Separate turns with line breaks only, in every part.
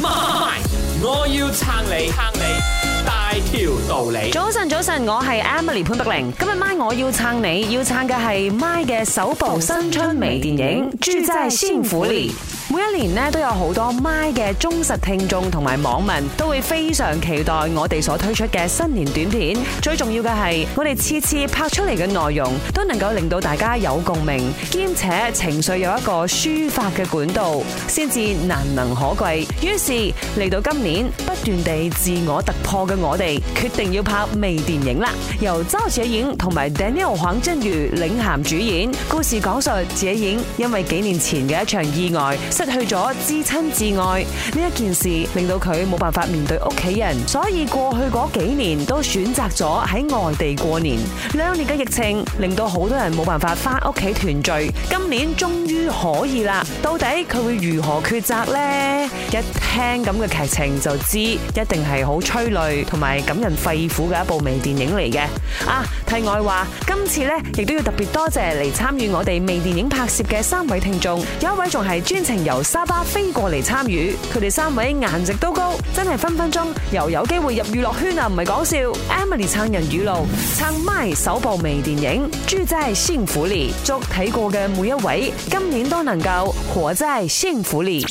My, 我要撐你撐你大條道理。早
晨早晨，我係 Emily 潘德玲。今日 My 我要撐你，要撐嘅係 My 嘅首部新春微電影《豬仔先苦練》。每一年呢都有好多麥嘅忠實聽眾同埋網民都會非常期待我哋所推出嘅新年短片。最重要嘅係我哋次次拍出嚟嘅內容都能夠令到大家有共鳴，兼且情緒有一個抒發嘅管道，先至難能可貴。於是嚟到今年，不斷地自我突破嘅我哋決定要拍微電影啦。由周姐影同埋 Daniel 黃真如領銜主演，故事講述姐影因為幾年前嘅一場意外。失去咗至親至愛呢一件事，令到佢冇辦法面對屋企人，所以過去嗰幾年都選擇咗喺外地過年。兩年嘅疫情令到好多人冇辦法翻屋企團聚，今年終於可以啦。到底佢會如何抉擇呢？一聽咁嘅劇情就知，一定係好催淚同埋感人肺腑嘅一部微電影嚟嘅。啊，題外話，今次呢亦都要特別多謝嚟參與我哋微電影拍攝嘅三位聽眾，有一位仲係專程由。由沙巴飛過嚟參與，佢哋三位顏值都高，真係分分鐘又有機會入娛樂圈啊！唔係講笑，Emily 撐人語錄，撐 My 首部微電影《住在幸福裏》，祝睇過嘅每一位今年都能夠活在幸福裏。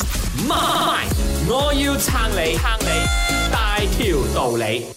My，我要撐你，撐你，大條道理。